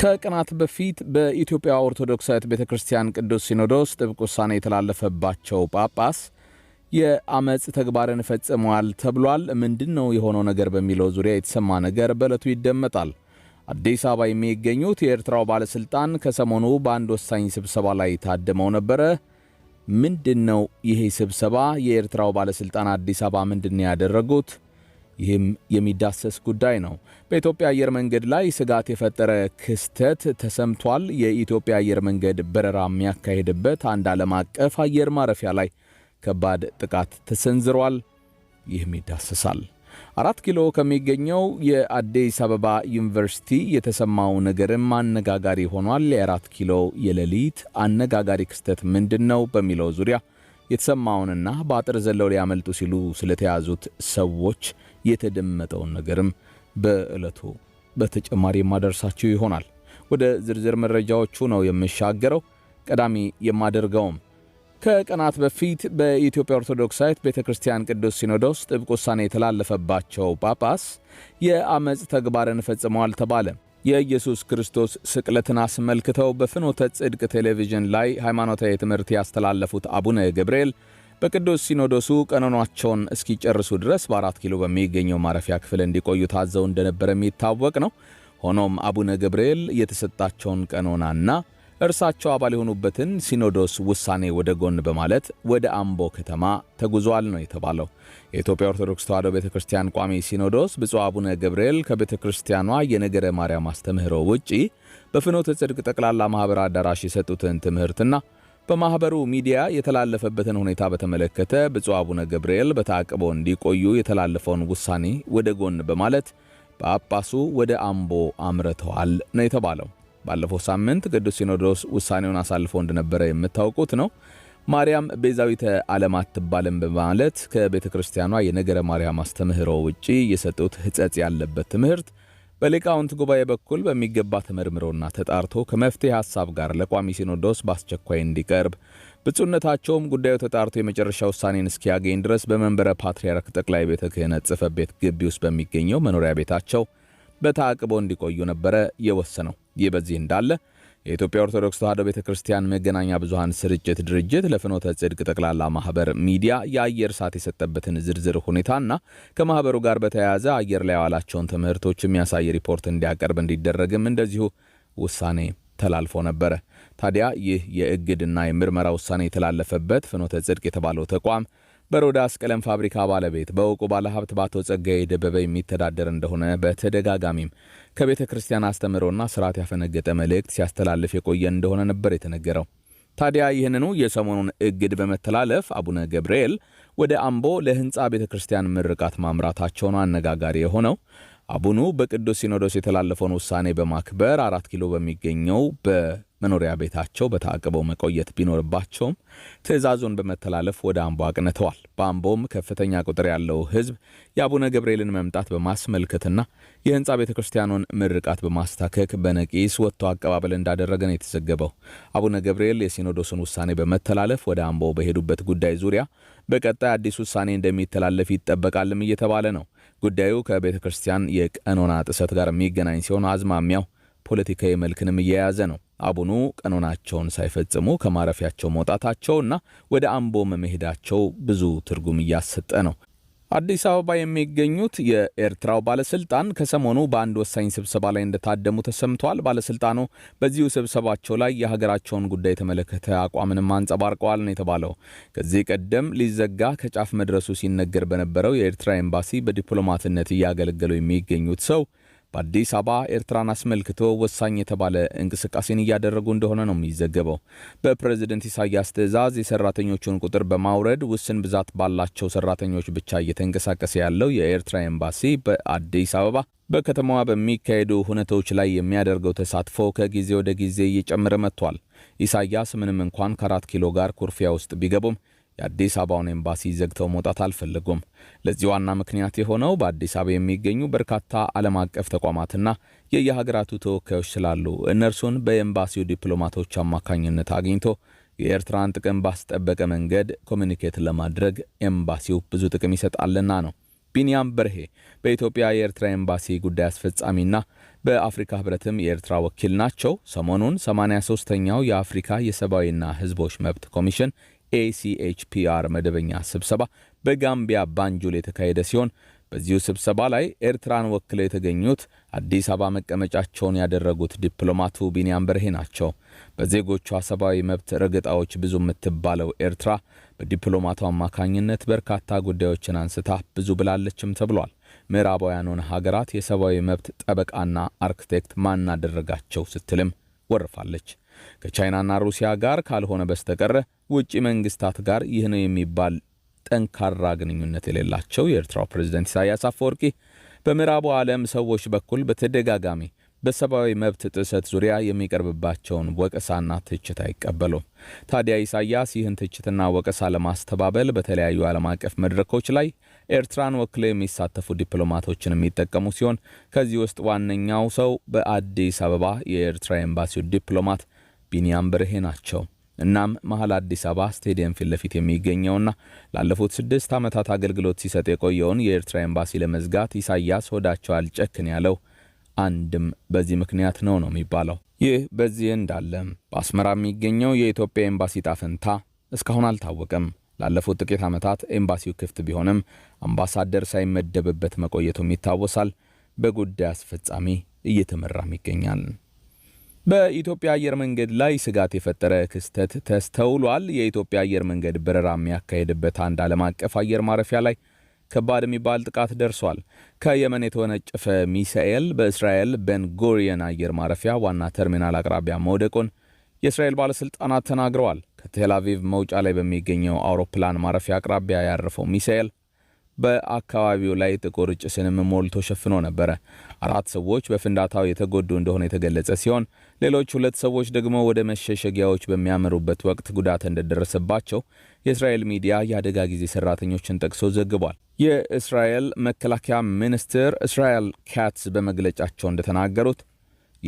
ከቀናት በፊት በኢትዮጵያ ኦርቶዶክሳዊት ቤተ ክርስቲያን ቅዱስ ሲኖዶስ ጥብቅ ውሳኔ የተላለፈባቸው ጳጳስ የአመፅ ተግባርን ፈጽመዋል ተብሏል። ምንድን ነው የሆነው ነገር በሚለው ዙሪያ የተሰማ ነገር በዕለቱ ይደመጣል። አዲስ አበባ የሚገኙት የኤርትራው ባለሥልጣን ከሰሞኑ በአንድ ወሳኝ ስብሰባ ላይ ታድመው ነበረ። ምንድን ነው ይሄ ስብሰባ? የኤርትራው ባለሥልጣን አዲስ አበባ ምንድን ነው ያደረጉት? ይህም የሚዳሰስ ጉዳይ ነው። በኢትዮጵያ አየር መንገድ ላይ ስጋት የፈጠረ ክስተት ተሰምቷል። የኢትዮጵያ አየር መንገድ በረራ የሚያካሄድበት አንድ ዓለም አቀፍ አየር ማረፊያ ላይ ከባድ ጥቃት ተሰንዝሯል። ይህም ይዳሰሳል። አራት ኪሎ ከሚገኘው የአዲስ አበባ ዩኒቨርሲቲ የተሰማው ነገርም አነጋጋሪ ሆኗል። የአራት ኪሎ የሌሊት አነጋጋሪ ክስተት ምንድን ነው በሚለው ዙሪያ የተሰማውንና በአጥር ዘለው ሊያመልጡ ሲሉ ስለተያዙት ሰዎች የተደመጠውን ነገርም በዕለቱ በተጨማሪ የማደርሳችሁ ይሆናል። ወደ ዝርዝር መረጃዎቹ ነው የምሻገረው። ቀዳሚ የማደርገውም ከቀናት በፊት በኢትዮጵያ ኦርቶዶክሳዊት ቤተ ክርስቲያን ቅዱስ ሲኖዶስ ጥብቅ ውሳኔ የተላለፈባቸው ጳጳስ የአመፅ ተግባርን ፈጽመዋል ተባለ። የኢየሱስ ክርስቶስ ስቅለትን አስመልክተው በፍኖተ ጽድቅ ቴሌቪዥን ላይ ሃይማኖታዊ ትምህርት ያስተላለፉት አቡነ ገብርኤል በቅዱስ ሲኖዶሱ ቀኖናቸውን እስኪጨርሱ ድረስ በአራት ኪሎ በሚገኘው ማረፊያ ክፍል እንዲቆዩ ታዘው እንደነበረ የሚታወቅ ነው። ሆኖም አቡነ ገብርኤል የተሰጣቸውን ቀኖናና እርሳቸው አባል የሆኑበትን ሲኖዶስ ውሳኔ ወደ ጎን በማለት ወደ አምቦ ከተማ ተጉዟል ነው የተባለው። የኢትዮጵያ ኦርቶዶክስ ተዋሕዶ ቤተ ክርስቲያን ቋሚ ሲኖዶስ ብፁዕ አቡነ ገብርኤል ከቤተ ክርስቲያኗ የነገረ ማርያም አስተምህሮ ውጪ በፍኖተ ጽድቅ ጠቅላላ ማኅበር አዳራሽ የሰጡትን ትምህርትና በማኅበሩ ሚዲያ የተላለፈበትን ሁኔታ በተመለከተ ብፁዕ አቡነ ገብርኤል በታቅቦ እንዲቆዩ የተላለፈውን ውሳኔ ወደ ጎን በማለት ጳጳሱ ወደ አምቦ አምርተዋል ነው የተባለው። ባለፈው ሳምንት ቅዱስ ሲኖዶስ ውሳኔውን አሳልፎ እንደነበረ የምታውቁት ነው። ማርያም ቤዛዊተ ዓለም አትባልም በማለት ከቤተ ክርስቲያኗ የነገረ ማርያም አስተምህሮ ውጪ የሰጡት ሕጸጽ ያለበት ትምህርት በሊቃውንት ጉባኤ በኩል በሚገባ ተመርምሮና ተጣርቶ ከመፍትሄ ሐሳብ ጋር ለቋሚ ሲኖዶስ በአስቸኳይ እንዲቀርብ ብፁዕነታቸውም ጉዳዩ ተጣርቶ የመጨረሻ ውሳኔን እስኪያገኝ ድረስ በመንበረ ፓትርያርክ ጠቅላይ ቤተ ክህነት ጽሕፈት ቤት ግቢ ውስጥ በሚገኘው መኖሪያ ቤታቸው በታቅቦ እንዲቆዩ ነበረ የወሰነው። ይህ በዚህ እንዳለ የኢትዮጵያ ኦርቶዶክስ ተዋሕዶ ቤተ ክርስቲያን መገናኛ ብዙኃን ስርጭት ድርጅት ለፍኖተ ጽድቅ ጠቅላላ ማህበር ሚዲያ የአየር ሰዓት የሰጠበትን ዝርዝር ሁኔታና ከማህበሩ ጋር በተያያዘ አየር ላይ የዋላቸውን ትምህርቶች የሚያሳይ ሪፖርት እንዲያቀርብ እንዲደረግም እንደዚሁ ውሳኔ ተላልፎ ነበረ። ታዲያ ይህ የእግድና የምርመራ ውሳኔ የተላለፈበት ፍኖተ ጽድቅ የተባለው ተቋም በሮዳስ ቀለም ፋብሪካ ባለቤት በእውቁ ባለሀብት በአቶ ጸጋዬ ደበበ የሚተዳደር እንደሆነ በተደጋጋሚም ከቤተ ክርስቲያን አስተምህሮና ስርዓት ያፈነገጠ መልእክት ሲያስተላልፍ የቆየ እንደሆነ ነበር የተነገረው። ታዲያ ይህንኑ የሰሞኑን እግድ በመተላለፍ አቡነ ገብርኤል ወደ አምቦ ለህንፃ ቤተ ክርስቲያን ምርቃት ማምራታቸውን አነጋጋሪ የሆነው አቡኑ በቅዱስ ሲኖዶስ የተላለፈውን ውሳኔ በማክበር አራት ኪሎ በሚገኘው መኖሪያ ቤታቸው በታቅበው መቆየት ቢኖርባቸውም ትዕዛዙን በመተላለፍ ወደ አምቦ አቅንተዋል። በአምቦም ከፍተኛ ቁጥር ያለው ሕዝብ የአቡነ ገብርኤልን መምጣት በማስመልከትና የህንፃ ቤተ ክርስቲያኑን ምርቃት በማስታከክ በነቂስ ወጥቶ አቀባበል እንዳደረገ ነው የተዘገበው። አቡነ ገብርኤል የሲኖዶሱን ውሳኔ በመተላለፍ ወደ አምቦ በሄዱበት ጉዳይ ዙሪያ በቀጣይ አዲስ ውሳኔ እንደሚተላለፍ ይጠበቃልም እየተባለ ነው። ጉዳዩ ከቤተ ክርስቲያን የቀኖና ጥሰት ጋር የሚገናኝ ሲሆን አዝማሚያው ፖለቲካዊ መልክንም እየያዘ ነው። አቡኑ ቀኖናቸውን ሳይፈጽሙ ከማረፊያቸው መውጣታቸውና ወደ አምቦ መሄዳቸው ብዙ ትርጉም እያሰጠ ነው። አዲስ አበባ የሚገኙት የኤርትራው ባለስልጣን ከሰሞኑ በአንድ ወሳኝ ስብሰባ ላይ እንደታደሙ ተሰምተዋል። ባለስልጣኑ በዚሁ ስብሰባቸው ላይ የሀገራቸውን ጉዳይ የተመለከተ አቋምንም አንጸባርቀዋል ነው የተባለው። ከዚህ ቀደም ሊዘጋ ከጫፍ መድረሱ ሲነገር በነበረው የኤርትራ ኤምባሲ በዲፕሎማትነት እያገለገሉ የሚገኙት ሰው በአዲስ አበባ ኤርትራን አስመልክቶ ወሳኝ የተባለ እንቅስቃሴን እያደረጉ እንደሆነ ነው የሚዘገበው። በፕሬዝደንት ኢሳያስ ትዕዛዝ የሰራተኞቹን ቁጥር በማውረድ ውስን ብዛት ባላቸው ሰራተኞች ብቻ እየተንቀሳቀሰ ያለው የኤርትራ ኤምባሲ በአዲስ አበባ በከተማዋ በሚካሄዱ ሁነቶች ላይ የሚያደርገው ተሳትፎ ከጊዜ ወደ ጊዜ እየጨመረ መጥቷል። ኢሳያስ ምንም እንኳን ከአራት ኪሎ ጋር ኩርፊያ ውስጥ ቢገቡም የአዲስ አበባውን ኤምባሲ ዘግተው መውጣት አልፈለጉም። ለዚህ ዋና ምክንያት የሆነው በአዲስ አበባ የሚገኙ በርካታ ዓለም አቀፍ ተቋማትና የየሀገራቱ ተወካዮች ስላሉ እነርሱን በኤምባሲው ዲፕሎማቶች አማካኝነት አግኝቶ የኤርትራን ጥቅም ባስጠበቀ መንገድ ኮሚኒኬት ለማድረግ ኤምባሲው ብዙ ጥቅም ይሰጣልና ነው። ቢንያም በርሄ በኢትዮጵያ የኤርትራ ኤምባሲ ጉዳይ አስፈጻሚና በአፍሪካ ህብረትም የኤርትራ ወኪል ናቸው። ሰሞኑን 83ኛው የአፍሪካ የሰብአዊና ህዝቦች መብት ኮሚሽን ኤሲኤችፒአር መደበኛ ስብሰባ በጋምቢያ ባንጆል የተካሄደ ሲሆን በዚሁ ስብሰባ ላይ ኤርትራን ወክለው የተገኙት አዲስ አበባ መቀመጫቸውን ያደረጉት ዲፕሎማቱ ቢንያም በርሄ ናቸው። በዜጎቿ ሰብአዊ መብት ረገጣዎች ብዙ የምትባለው ኤርትራ በዲፕሎማቱ አማካኝነት በርካታ ጉዳዮችን አንስታ ብዙ ብላለችም ተብሏል። ምዕራባውያኑን ሀገራት የሰብአዊ መብት ጠበቃና አርክቴክት ማናደረጋቸው ስትልም ወርፋለች። ከቻይናና ሩሲያ ጋር ካልሆነ በስተቀር ውጭ መንግስታት ጋር ይህ ነው የሚባል ጠንካራ ግንኙነት የሌላቸው የኤርትራው ፕሬዝደንት ኢሳያስ አፈወርቂ በምዕራቡ ዓለም ሰዎች በኩል በተደጋጋሚ በሰብአዊ መብት ጥሰት ዙሪያ የሚቀርብባቸውን ወቀሳና ትችት አይቀበሉም። ታዲያ ኢሳያስ ይህን ትችትና ወቀሳ ለማስተባበል በተለያዩ ዓለም አቀፍ መድረኮች ላይ ኤርትራን ወክለው የሚሳተፉ ዲፕሎማቶችን የሚጠቀሙ ሲሆን ከዚህ ውስጥ ዋነኛው ሰው በአዲስ አበባ የኤርትራ ኤምባሲው ዲፕሎማት ቢንያም በርሄ ናቸው። እናም መሀል አዲስ አበባ ስቴዲየም ፊት ለፊት የሚገኘውና ላለፉት ስድስት ዓመታት አገልግሎት ሲሰጥ የቆየውን የኤርትራ ኤምባሲ ለመዝጋት ኢሳያስ ሆዳቸው አልጨክን ያለው አንድም በዚህ ምክንያት ነው ነው የሚባለው። ይህ በዚህ እንዳለም በአስመራ የሚገኘው የኢትዮጵያ ኤምባሲ ጣፍንታ እስካሁን አልታወቀም። ላለፉት ጥቂት ዓመታት ኤምባሲው ክፍት ቢሆንም አምባሳደር ሳይመደብበት መቆየቱም ይታወሳል። በጉዳይ አስፈጻሚ እየተመራም ይገኛል። በኢትዮጵያ አየር መንገድ ላይ ስጋት የፈጠረ ክስተት ተስተውሏል። የኢትዮጵያ አየር መንገድ በረራ የሚያካሄድበት አንድ ዓለም አቀፍ አየር ማረፊያ ላይ ከባድ የሚባል ጥቃት ደርሷል። ከየመን የተወነጨፈ ሚሳኤል በእስራኤል ቤንጎሪየን አየር ማረፊያ ዋና ተርሚናል አቅራቢያ መውደቁን የእስራኤል ባለሥልጣናት ተናግረዋል። ከቴልአቪቭ መውጫ ላይ በሚገኘው አውሮፕላን ማረፊያ አቅራቢያ ያረፈው ሚሳኤል በአካባቢው ላይ ጥቁር ጭስንም ሞልቶ ሸፍኖ ነበረ። አራት ሰዎች በፍንዳታው የተጎዱ እንደሆነ የተገለጸ ሲሆን ሌሎች ሁለት ሰዎች ደግሞ ወደ መሸሸጊያዎች በሚያመሩበት ወቅት ጉዳት እንደደረሰባቸው የእስራኤል ሚዲያ የአደጋ ጊዜ ሰራተኞችን ጠቅሶ ዘግቧል። የእስራኤል መከላከያ ሚኒስትር እስራኤል ካትስ በመግለጫቸው እንደተናገሩት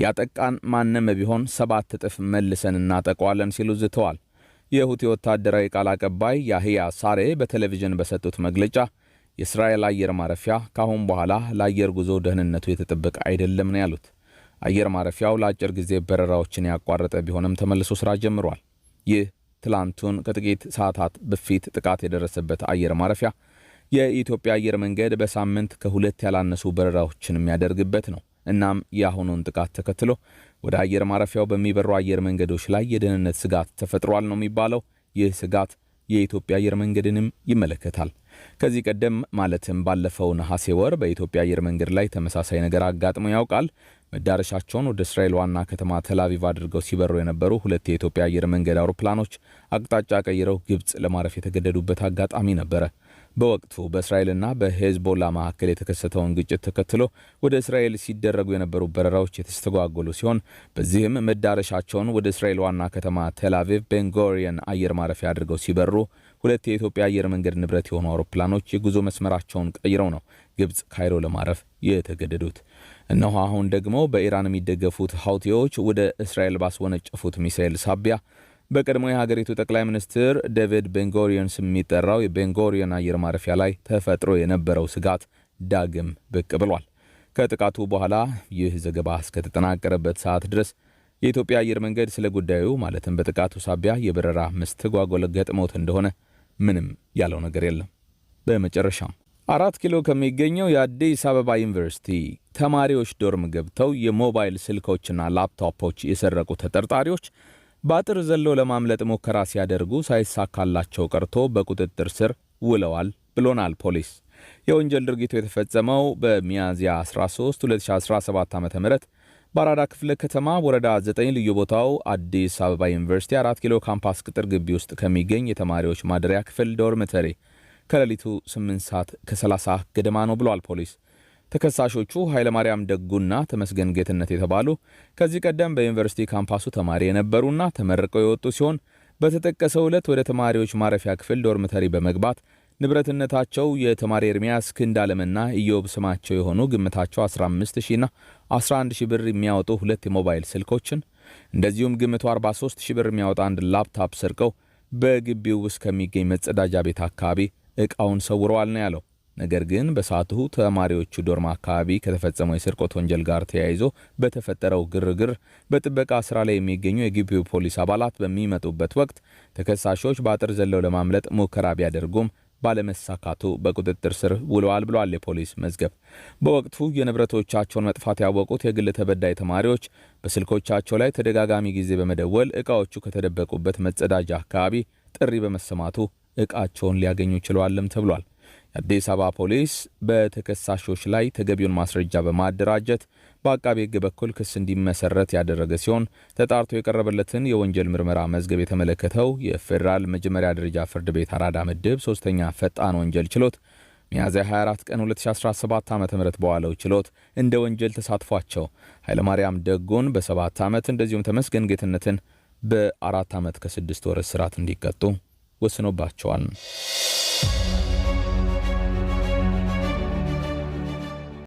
ያጠቃን ማንም ቢሆን ሰባት እጥፍ መልሰን እናጠቋለን ሲሉ ዝተዋል። የሁቲ ወታደራዊ ቃል አቀባይ ያህያ ሳሬ በቴሌቪዥን በሰጡት መግለጫ የእስራኤል አየር ማረፊያ ከአሁን በኋላ ለአየር ጉዞ ደህንነቱ የተጠበቀ አይደለም ነው ያሉት። አየር ማረፊያው ለአጭር ጊዜ በረራዎችን ያቋረጠ ቢሆንም ተመልሶ ስራ ጀምሯል። ይህ ትላንቱን ከጥቂት ሰዓታት በፊት ጥቃት የደረሰበት አየር ማረፊያ የኢትዮጵያ አየር መንገድ በሳምንት ከሁለት ያላነሱ በረራዎችን የሚያደርግበት ነው። እናም የአሁኑን ጥቃት ተከትሎ ወደ አየር ማረፊያው በሚበሩ አየር መንገዶች ላይ የደህንነት ስጋት ተፈጥሯል ነው የሚባለው። ይህ ስጋት የኢትዮጵያ አየር መንገድንም ይመለከታል። ከዚህ ቀደም ማለትም ባለፈው ነሐሴ ወር በኢትዮጵያ አየር መንገድ ላይ ተመሳሳይ ነገር አጋጥሞ ያውቃል። መዳረሻቸውን ወደ እስራኤል ዋና ከተማ ተላቪቭ አድርገው ሲበሩ የነበሩ ሁለት የኢትዮጵያ አየር መንገድ አውሮፕላኖች አቅጣጫ ቀይረው ግብፅ ለማረፍ የተገደዱበት አጋጣሚ ነበረ። በወቅቱ በእስራኤልና በሄዝቦላ መካከል የተከሰተውን ግጭት ተከትሎ ወደ እስራኤል ሲደረጉ የነበሩ በረራዎች የተስተጓጎሉ ሲሆን በዚህም መዳረሻቸውን ወደ እስራኤል ዋና ከተማ ቴልአቪቭ ቤንጎሪየን አየር ማረፊያ አድርገው ሲበሩ ሁለት የኢትዮጵያ አየር መንገድ ንብረት የሆኑ አውሮፕላኖች የጉዞ መስመራቸውን ቀይረው ነው ግብፅ ካይሮ ለማረፍ የተገደዱት። እነሆ አሁን ደግሞ በኢራን የሚደገፉት ሀውቲዎች ወደ እስራኤል ባስወነጨፉት ሚሳኤል ሳቢያ በቀድሞ የሀገሪቱ ጠቅላይ ሚኒስትር ዴቪድ ቤንጎሪዮን ስም የሚጠራው የቤንጎሪዮን አየር ማረፊያ ላይ ተፈጥሮ የነበረው ስጋት ዳግም ብቅ ብሏል። ከጥቃቱ በኋላ ይህ ዘገባ እስከተጠናቀረበት ሰዓት ድረስ የኢትዮጵያ አየር መንገድ ስለ ጉዳዩ ማለትም በጥቃቱ ሳቢያ የበረራ መስተጓጎል ገጥሞት እንደሆነ ምንም ያለው ነገር የለም። በመጨረሻም አራት ኪሎ ከሚገኘው የአዲስ አበባ ዩኒቨርሲቲ ተማሪዎች ዶርም ገብተው የሞባይል ስልኮችና ላፕቶፖች የሰረቁ ተጠርጣሪዎች በአጥር ዘለው ለማምለጥ ሙከራ ሲያደርጉ ሳይሳካላቸው ቀርቶ በቁጥጥር ስር ውለዋል ብሎናል ፖሊስ። የወንጀል ድርጊቱ የተፈጸመው በሚያዝያ 13 2017 ዓ ም በአራዳ ክፍለ ከተማ ወረዳ 9 ልዩ ቦታው አዲስ አበባ ዩኒቨርሲቲ አራት ኪሎ ካምፓስ ቅጥር ግቢ ውስጥ ከሚገኝ የተማሪዎች ማደሪያ ክፍል ዶርምተሬ ከሌሊቱ 8 ሰዓት ከ30 ገደማ ነው ብሏል ፖሊስ። ተከሳሾቹ ኃይለማርያም ደጉና ተመስገን ጌትነት የተባሉ ከዚህ ቀደም በዩኒቨርሲቲ ካምፓሱ ተማሪ የነበሩና ተመርቀው የወጡ ሲሆን በተጠቀሰው ዕለት ወደ ተማሪዎች ማረፊያ ክፍል ዶርምተሪ በመግባት ንብረትነታቸው የተማሪ ኤርሚያስ ክንዳለምና ኢዮብ ስማቸው የሆኑ ግምታቸው 15000ና 11000 ብር የሚያወጡ ሁለት የሞባይል ስልኮችን እንደዚሁም ግምቱ 43000 ብር የሚያወጣ አንድ ላፕታፕ ሰርቀው በግቢው ውስጥ ከሚገኝ መጸዳጃ ቤት አካባቢ እቃውን ሰውረዋል ነው ያለው። ነገር ግን በሰዓቱ ተማሪዎቹ ዶርማ አካባቢ ከተፈጸመው የስርቆት ወንጀል ጋር ተያይዞ በተፈጠረው ግርግር በጥበቃ ስራ ላይ የሚገኙ የግቢው ፖሊስ አባላት በሚመጡበት ወቅት ተከሳሾች በአጥር ዘለው ለማምለጥ ሙከራ ቢያደርጉም ባለመሳካቱ በቁጥጥር ስር ውለዋል ብሏል የፖሊስ መዝገብ። በወቅቱ የንብረቶቻቸውን መጥፋት ያወቁት የግል ተበዳይ ተማሪዎች በስልኮቻቸው ላይ ተደጋጋሚ ጊዜ በመደወል እቃዎቹ ከተደበቁበት መጸዳጃ አካባቢ ጥሪ በመሰማቱ እቃቸውን ሊያገኙ ችለዋልም ተብሏል። የአዲስ አበባ ፖሊስ በተከሳሾች ላይ ተገቢውን ማስረጃ በማደራጀት በአቃቤ ሕግ በኩል ክስ እንዲመሰረት ያደረገ ሲሆን ተጣርቶ የቀረበለትን የወንጀል ምርመራ መዝገብ የተመለከተው የፌዴራል መጀመሪያ ደረጃ ፍርድ ቤት አራዳ ምድብ ሶስተኛ ፈጣን ወንጀል ችሎት ሚያዝያ 24 ቀን 2017 ዓ ም በዋለው ችሎት እንደ ወንጀል ተሳትፏቸው ኃይለማርያም ደጎን በሰባት ዓመት እንደዚሁም ተመስገን ጌትነትን በአራት ዓመት ከስድስት ወር እስራት እንዲቀጡ ወስኖባቸዋል።